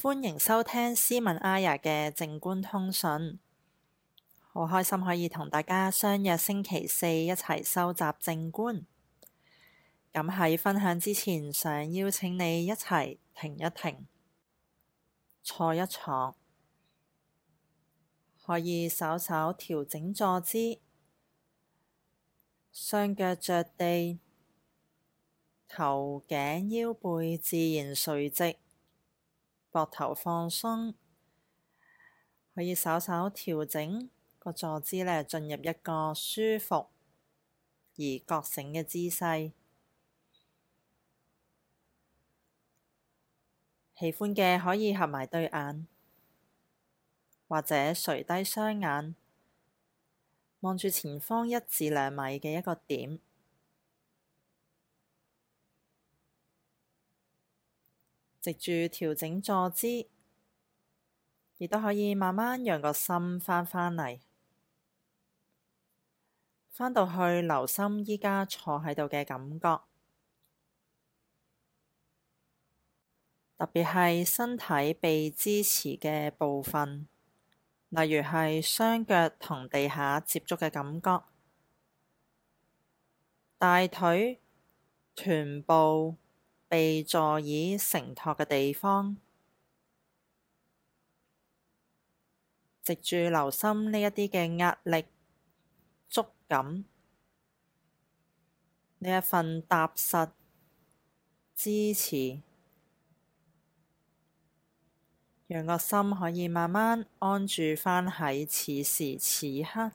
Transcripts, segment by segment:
歡迎收聽斯文阿雅嘅靜觀通訊。好開心可以同大家相約星期四一齊收集靜觀。咁喺分享之前，想邀請你一齊停一停，坐一坐，可以稍稍調整坐姿，雙腳着地，頭頸腰背自然垂直。膊頭放鬆，可以稍稍調整個坐姿，呢進入一個舒服而覺醒嘅姿勢。喜歡嘅可以合埋對眼，或者垂低雙眼，望住前方一至兩米嘅一個點。藉住調整坐姿，亦都可以慢慢讓個心翻返嚟，返到去留心而家坐喺度嘅感覺，特別係身體被支持嘅部分，例如係雙腳同地下接觸嘅感覺、大腿、臀部。被座椅承托嘅地方，藉住留心呢一啲嘅壓力、觸感，呢一份踏實支持，讓個心可以慢慢安住返喺此時此刻。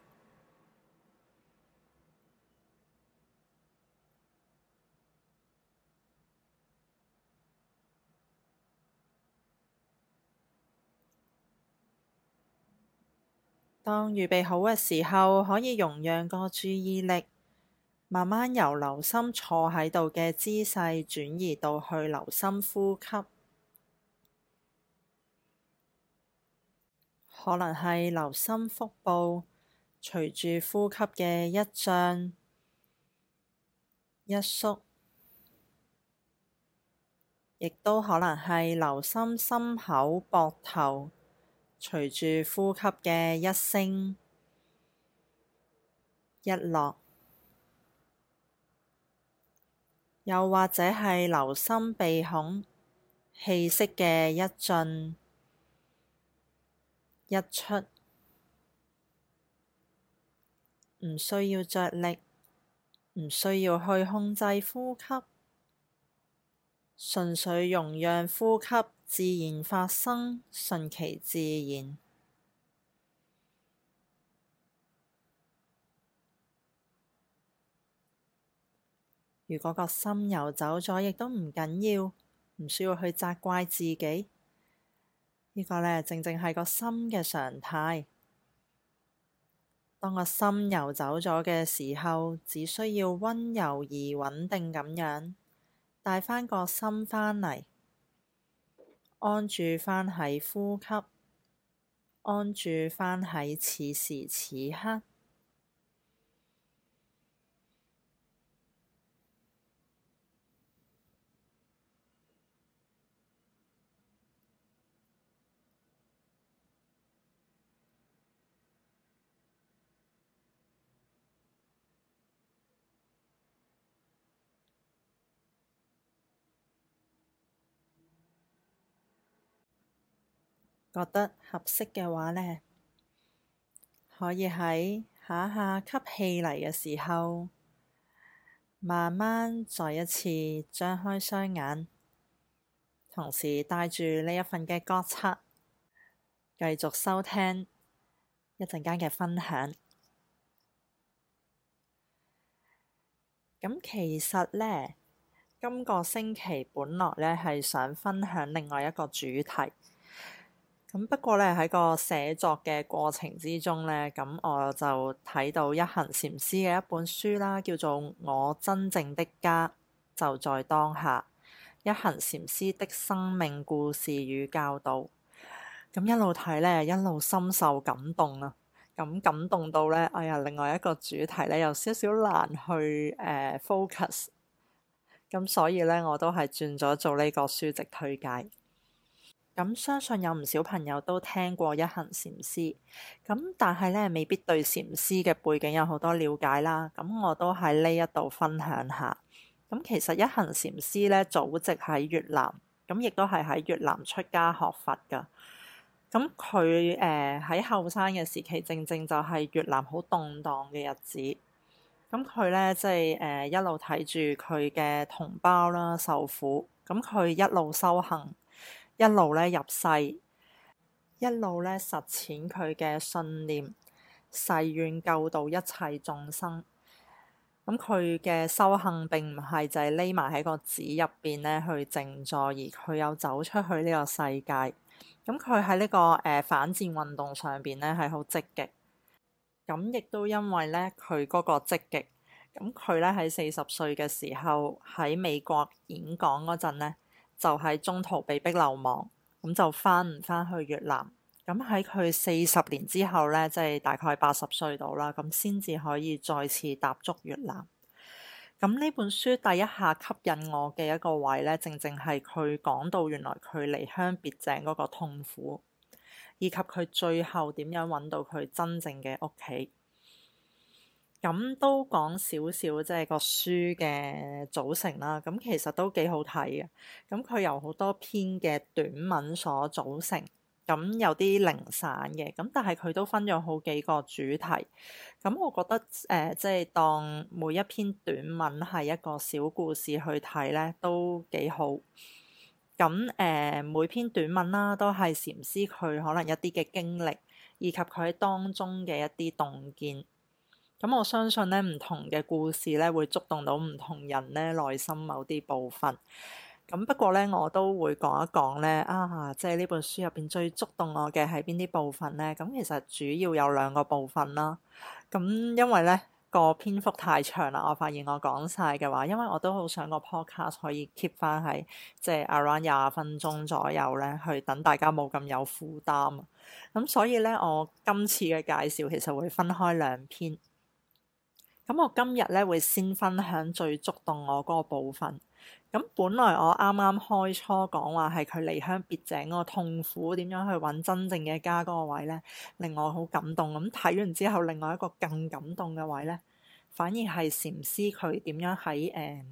當預備好嘅時候，可以容讓個注意力慢慢由留心坐喺度嘅姿勢轉移到去留心呼吸，可能係留心腹部隨住呼吸嘅一張一縮，亦都可能係留心心口、膊頭隨住呼吸嘅一升一落，又或者係留心鼻孔氣息嘅一進一出，唔需要着力，唔需要去控制呼吸，純粹容讓呼吸。自然發生，順其自然。如果個心游走咗，亦都唔緊要，唔需要去責怪自己。呢個呢，正正係個心嘅常態。當個心游走咗嘅時候，只需要温柔而穩定咁樣帶返個心返嚟。安住翻喺呼吸，安住翻喺此時此刻。覺得合適嘅話呢，可以喺下下吸氣嚟嘅時候，慢慢再一次張開雙眼，同時帶住呢一份嘅覺察，繼續收聽一陣間嘅分享。咁其實呢，今個星期本來呢係想分享另外一個主題。咁不過咧，喺個寫作嘅過程之中咧，咁我就睇到一行禪師嘅一本書啦，叫做《我真正的家，就在當下》，一行禪師的生命故事與教導。咁一路睇咧，一路深受感動啊！咁感動到咧，哎呀，另外一個主題咧，有少少難去誒、呃、focus。咁所以咧，我都係轉咗做呢個書籍推介。咁相信有唔少朋友都聽過一行禪師，咁但係咧，未必對禪師嘅背景有好多了解啦。咁我都喺呢一度分享下。咁其實一行禪師咧，祖籍喺越南，咁亦都係喺越南出家學佛噶。咁佢誒喺後生嘅時期，正正就係越南好動盪嘅日子。咁佢咧即係誒一路睇住佢嘅同胞啦受苦，咁佢一路修行，一路咧入世，一路咧實踐佢嘅信念，誓願救度一切眾生。咁佢嘅修行並唔係就係匿埋喺個紙入邊咧去靜坐，而佢又走出去呢個世界。咁佢喺呢個誒反戰運動上邊咧係好積極。咁亦都因為咧佢嗰個積極，咁佢咧喺四十歲嘅時候喺美國演講嗰陣咧。就喺中途被逼流亡，咁就返唔返去越南。咁喺佢四十年之後呢，即係大概八十歲度啦，咁先至可以再次踏足越南。咁呢本書第一下吸引我嘅一個位呢，正正係佢講到原來佢離鄉別井嗰個痛苦，以及佢最後點樣揾到佢真正嘅屋企。咁都講少少，即係個書嘅組成啦。咁其實都幾好睇嘅。咁佢由好多篇嘅短文所組成，咁有啲零散嘅。咁但係佢都分咗好幾個主題。咁我覺得誒，即係當每一篇短文係一個小故事去睇呢，都幾好。咁誒，每篇短文啦，都係禪師佢可能一啲嘅經歷，以及佢喺當中嘅一啲洞見。咁我相信咧，唔同嘅故事咧，會觸動到唔同人咧內心某啲部分。咁不過咧，我都會講一講咧啊，即係呢本書入邊最觸動我嘅係邊啲部分咧。咁其實主要有兩個部分啦。咁因為咧個篇幅太長啦，我發現我講晒嘅話，因為我都好想個 podcast 可以 keep 翻喺即係 around 廿分鐘左右咧，去等大家冇咁有負擔。咁所以咧，我今次嘅介紹其實會分開兩篇。咁我今日咧會先分享最觸動我嗰個部分。咁本來我啱啱開初講話係佢離鄉別井嗰個痛苦，點樣去揾真正嘅家嗰個位咧，令我好感動。咁睇完之後，另外一個更感動嘅位咧，反而係禪師佢點樣喺誒、呃、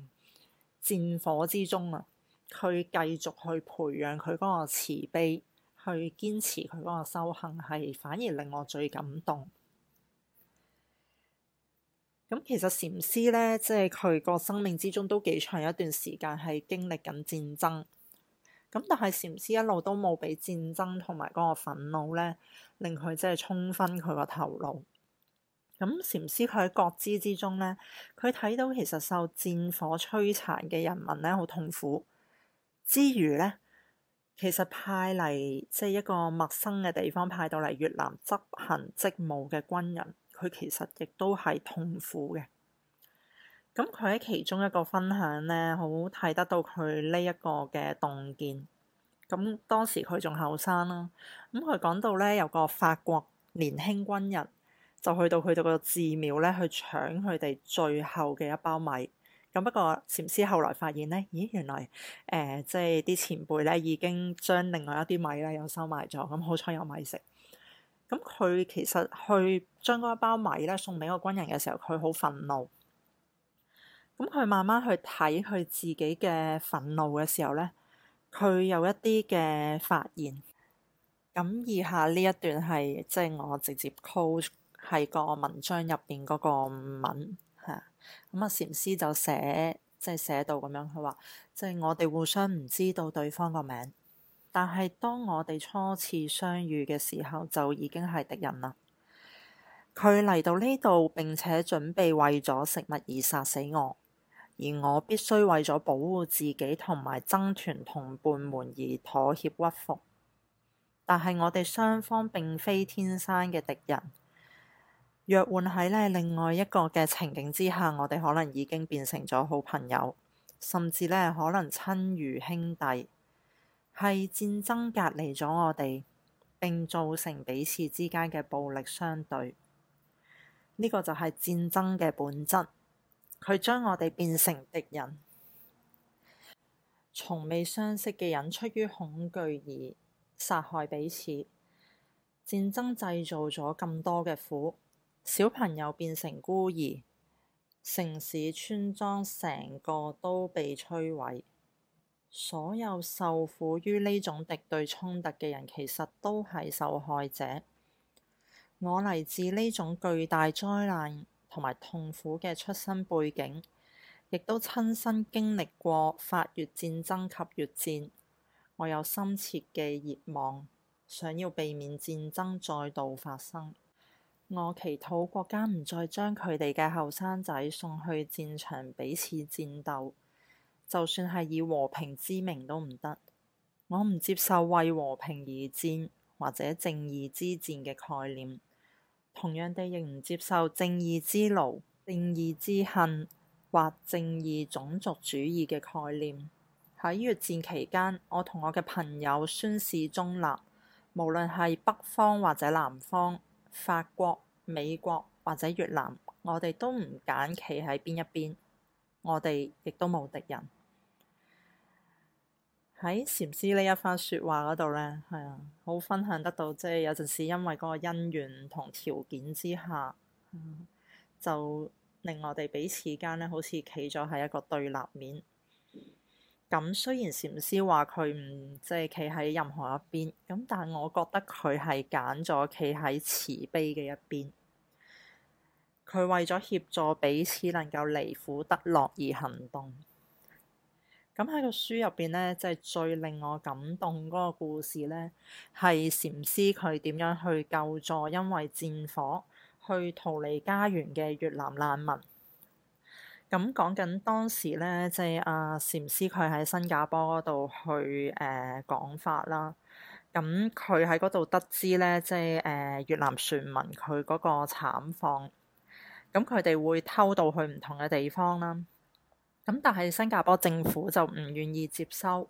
戰火之中啊，佢繼續去培養佢嗰個慈悲，去堅持佢嗰個修行，係反而令我最感動。咁其實禪師咧，即係佢個生命之中都幾長一段時間係經歷緊戰爭。咁但係禪師一路都冇俾戰爭同埋嗰個憤怒咧，令佢即係沖昏佢個頭腦。咁禪師佢喺覺知之中咧，佢睇到其實受戰火摧殘嘅人民咧，好痛苦之餘咧，其實派嚟即係一個陌生嘅地方派到嚟越南執行職務嘅軍人。佢其實亦都係痛苦嘅，咁佢喺其中一個分享呢，好睇得到佢呢一個嘅洞見。咁當時佢仲後生啦，咁佢講到呢，有個法國年輕軍人，就去到佢哋個寺廟呢，去搶佢哋最後嘅一包米。咁不過禪師後來發現呢，咦，原來誒、呃、即係啲前輩呢已經將另外一啲米呢又收埋咗。咁好彩有米食。咁佢其實，去將嗰一包米咧送俾個軍人嘅時候，佢好憤怒。咁佢慢慢去睇佢自己嘅憤怒嘅時候咧，佢有一啲嘅發言。咁以下呢一段係即係我直接 quote 係個文章入邊嗰個文吓，咁啊禪師就寫即係寫到咁樣，佢話，即係我哋互相唔知道對方個名。但係，當我哋初次相遇嘅時候，就已經係敵人啦。佢嚟到呢度，並且準備為咗食物而殺死我，而我必須為咗保護自己同埋僧團同伴們而妥協屈服。但係，我哋雙方並非天生嘅敵人。若換喺呢另外一個嘅情景之下，我哋可能已經變成咗好朋友，甚至呢可能親如兄弟。係戰爭隔離咗我哋，並造成彼此之間嘅暴力相對。呢、這個就係戰爭嘅本質，佢將我哋變成敵人，從未相識嘅人出於恐懼而殺害彼此。戰爭製造咗咁多嘅苦，小朋友變成孤兒，城市村莊成個都被摧毀。所有受苦於呢種敵對衝突嘅人，其實都係受害者。我嚟自呢種巨大災難同埋痛苦嘅出身背景，亦都親身經歷過法越戰爭及越戰。我有深切嘅熱望，想要避免戰爭再度發生。我祈禱國家唔再將佢哋嘅後生仔送去戰場彼此戰鬥。就算係以和平之名都唔得，我唔接受為和平而戰或者正義之戰嘅概念。同樣地，亦唔接受正義之怒、正義之恨或正義種族主義嘅概念。喺越戰期間，我同我嘅朋友宣示中立，無論係北方或者南方、法國、美國或者越南，我哋都唔揀企喺邊一邊，我哋亦都冇敵人。喺禪師呢一番說話嗰度咧，係啊，好分享得到，即係有陣時因為嗰個因緣同條件之下，就令我哋彼此間咧好似企咗喺一個對立面。咁雖然禪師話佢唔即係企喺任何一邊，咁但係我覺得佢係揀咗企喺慈悲嘅一邊，佢為咗協助彼此能夠離苦得樂而行動。咁喺個書入邊咧，即係最令我感動嗰個故事咧，係禪師佢點樣去救助因為戰火去逃離家園嘅越南難民。咁講緊當時咧，即係阿禪師佢喺新加坡嗰度去誒、呃、講法啦。咁佢喺嗰度得知咧，即係誒越南船民佢嗰個慘況，咁佢哋會偷渡去唔同嘅地方啦。咁但係新加坡政府就唔願意接收，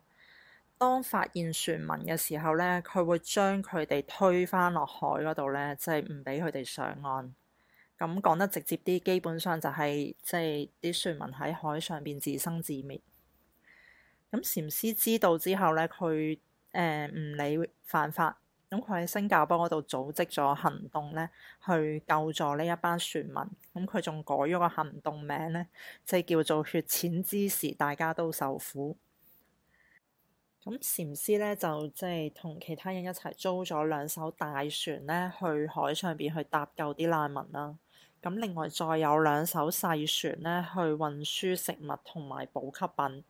當發現船民嘅時候咧，佢會將佢哋推返落海嗰度咧，即係唔俾佢哋上岸。咁講得直接啲，基本上就係即係啲船民喺海上邊自生自滅。咁禪師知道之後咧，佢誒唔理犯法。咁佢喺新加坡嗰度組織咗行動呢，去救助呢一班船民。咁佢仲改咗個行動名呢，即係叫做血淺之時大家都受苦。咁禪師呢，就即係同其他人一齊租咗兩艘大船呢，去海上邊去搭救啲難民啦。咁另外再有兩艘細船呢，去運輸食物同埋補給品。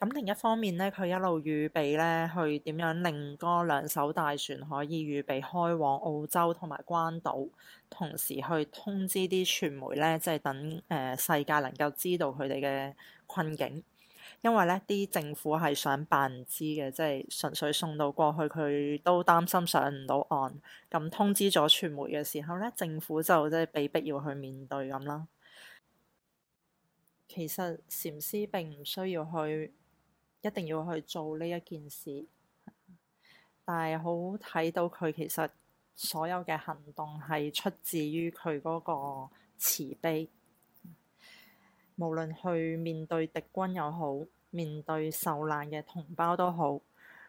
咁另一方面咧，佢一路預備咧，去點樣令嗰兩艘大船可以預備開往澳洲同埋關島，同時去通知啲傳媒咧，即係等誒、呃、世界能夠知道佢哋嘅困境，因為咧啲政府係想扮唔知嘅，即係純粹送到過去，佢都擔心上唔到岸。咁通知咗傳媒嘅時候咧，政府就即係被逼要去面對咁啦。其實禪師並唔需要去。一定要去做呢一件事，但係好睇到佢其實所有嘅行動係出自於佢嗰個慈悲，無論去面對敵軍又好，面對受難嘅同胞都好，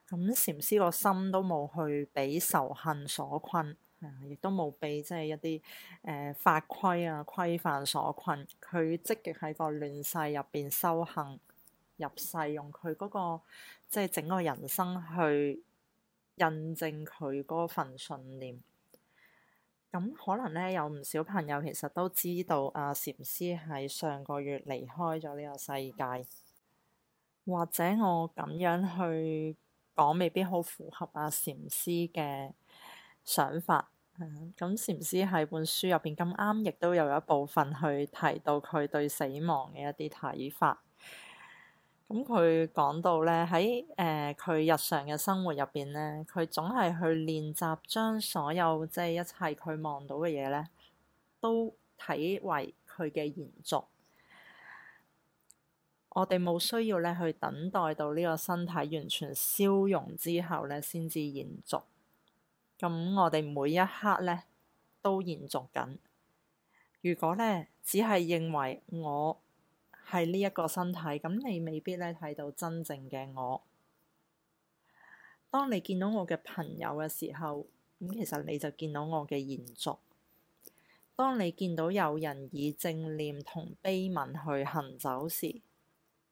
咁禪師個心都冇去俾仇恨所困，亦都冇俾即係一啲誒、呃、法規啊規範所困，佢積極喺個亂世入邊修行。入世用佢嗰個即係整個人生去印證佢嗰份信念。咁可能咧，有唔少朋友其實都知道阿禪師喺上個月離開咗呢個世界。或者我咁樣去講，未必好符合阿禪師嘅想法。咁禪師喺本書入邊咁啱，亦都有一部分去提到佢對死亡嘅一啲睇法。咁佢講到咧，喺誒佢日常嘅生活入邊咧，佢總係去練習將所有即係一切佢望到嘅嘢咧，都睇為佢嘅延續。我哋冇需要咧去等待到呢個身體完全消融之後咧，先至延續。咁我哋每一刻咧都延續緊。如果咧只係認為我係呢一個身體，咁你未必咧睇到真正嘅我。當你見到我嘅朋友嘅時候，咁其實你就見到我嘅延續。當你見到有人以正念同悲憫去行走時，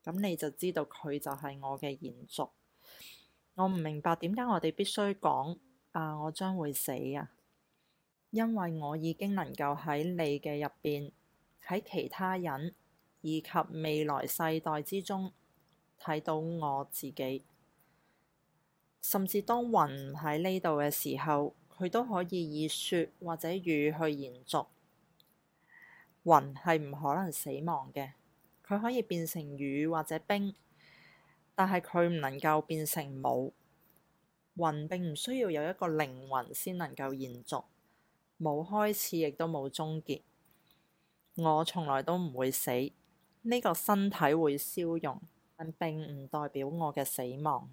咁你就知道佢就係我嘅延續。我唔明白點解我哋必須講啊，我將會死啊，因為我已經能夠喺你嘅入邊，喺其他人，以及未來世代之中睇到我自己，甚至當雲唔喺呢度嘅時候，佢都可以以雪或者雨去延續。雲係唔可能死亡嘅，佢可以變成雨或者冰，但係佢唔能夠變成冇。雲並唔需要有一個靈魂先能夠延續，冇開始亦都冇終結。我從來都唔會死。呢個身體會消融，但並唔代表我嘅死亡。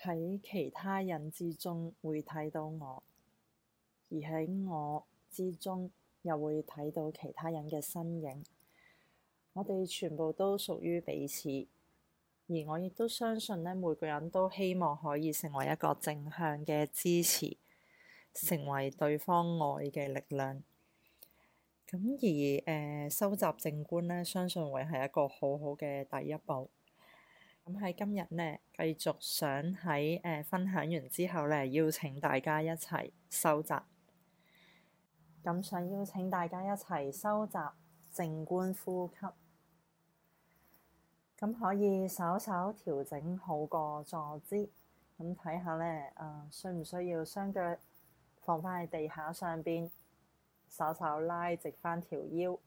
喺其他人之中會睇到我，而喺我之中又會睇到其他人嘅身影。我哋全部都屬於彼此，而我亦都相信呢每個人都希望可以成為一個正向嘅支持，成為對方愛嘅力量。咁而誒、呃，收集靜觀呢，相信會係一個好好嘅第一步。咁、嗯、喺今日呢，繼續想喺誒、呃、分享完之後呢，邀請大家一齊收集。咁想邀請大家一齊收集靜觀呼吸。咁可以稍稍調整好個坐姿，咁睇下呢，誒、呃，需唔需要雙腳放翻喺地下上邊？稍稍拉直返條腰，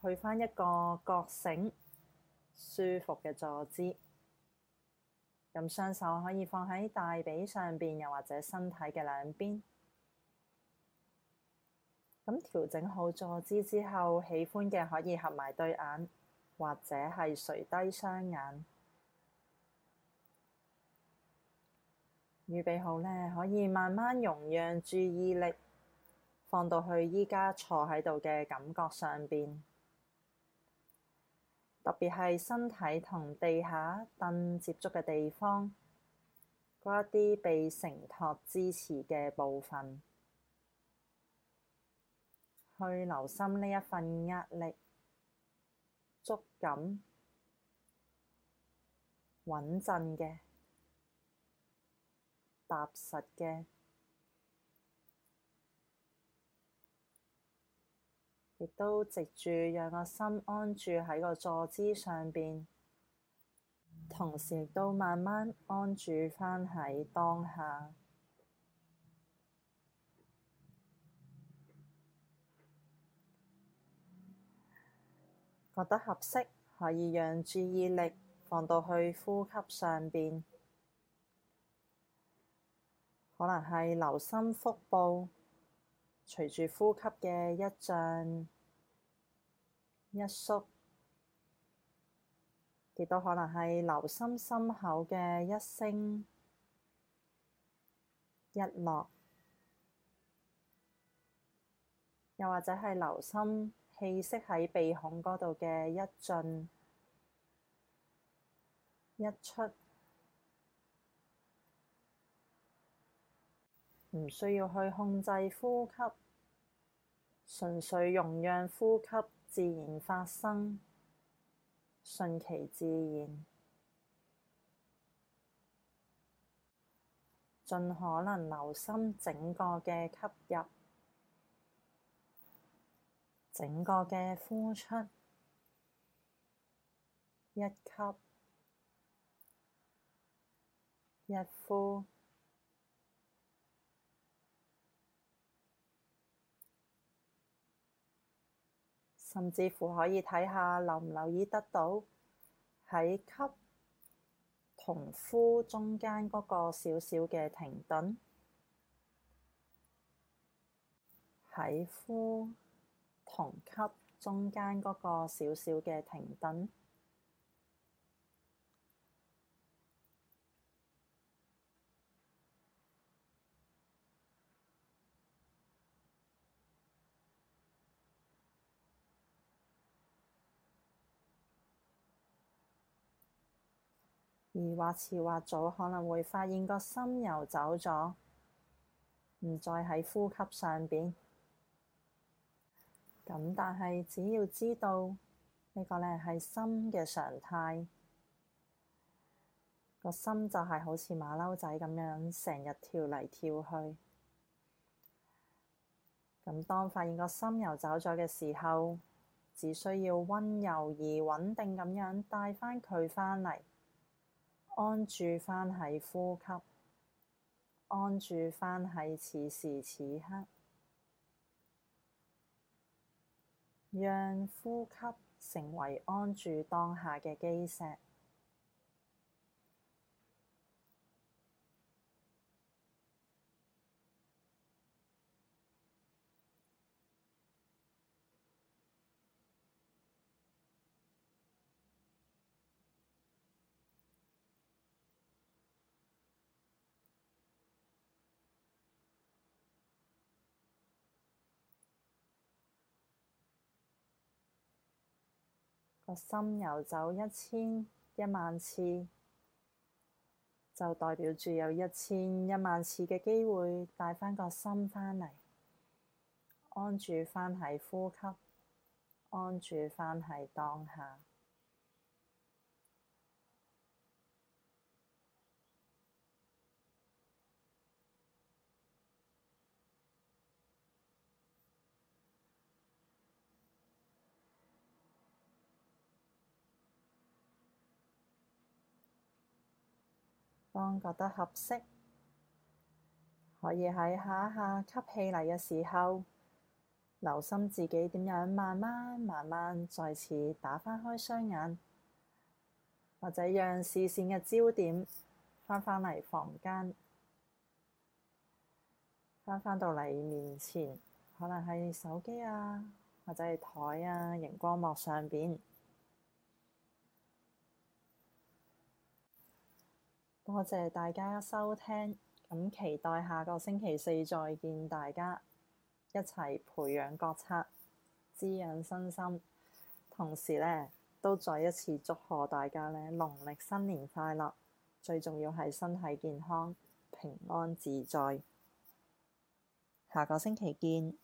去返一個覺醒舒服嘅坐姿。咁雙手可以放喺大髀上邊，又或者身體嘅兩邊。咁調整好坐姿之後，喜歡嘅可以合埋對眼，或者係垂低雙眼。預備好呢，可以慢慢容讓注意力。放到去依家坐喺度嘅感覺上邊，特別係身體同地下凳接觸嘅地方，嗰一啲被承托支持嘅部分，去留心呢一份壓力、觸感、穩陣嘅、踏實嘅。亦都藉住，讓個心安住喺個坐姿上邊，同時亦都慢慢安住返喺當下。覺得合適，可以讓注意力放到去呼吸上邊，可能係留心腹部。隨住呼吸嘅一進一縮，亦都可能係留心心口嘅一升一落，又或者係留心氣息喺鼻孔嗰度嘅一進一出。唔需要去控制呼吸，純粹容讓呼吸自然發生，順其自然，盡可能留心整個嘅吸入、整個嘅呼出，一吸，一呼。甚至乎可以睇下留唔留意得到喺吸同呼中間嗰個小小嘅停頓，喺呼同吸中間嗰個小小嘅停頓。而或遲或早，可能會發現個心游走咗，唔再喺呼吸上邊。咁但係只要知道呢、這個呢係心嘅常態，個心就係好似馬騮仔咁樣成日跳嚟跳去。咁當發現個心游走咗嘅時候，只需要溫柔而穩定咁樣帶返佢返嚟。安住翻喺呼吸，安住翻喺此時此刻，讓呼吸成為安住當下嘅基石。個心遊走一千一萬次，就代表住有一千一萬次嘅機會帶返個心返嚟，安住返喺呼吸，安住返喺當下。當覺得合適，可以喺下一下吸氣嚟嘅時候，留心自己點樣慢慢慢慢再次打翻開雙眼，或者讓視線嘅焦點翻返嚟房間，翻返到嚟面前，可能係手機啊，或者係台啊，熒光幕上邊。多謝大家收聽，咁期待下個星期四再見大家，一齊培養覺察，滋養身心，同時呢，都再一次祝賀大家呢，農曆新年快樂，最重要係身體健康，平安自在，下個星期見。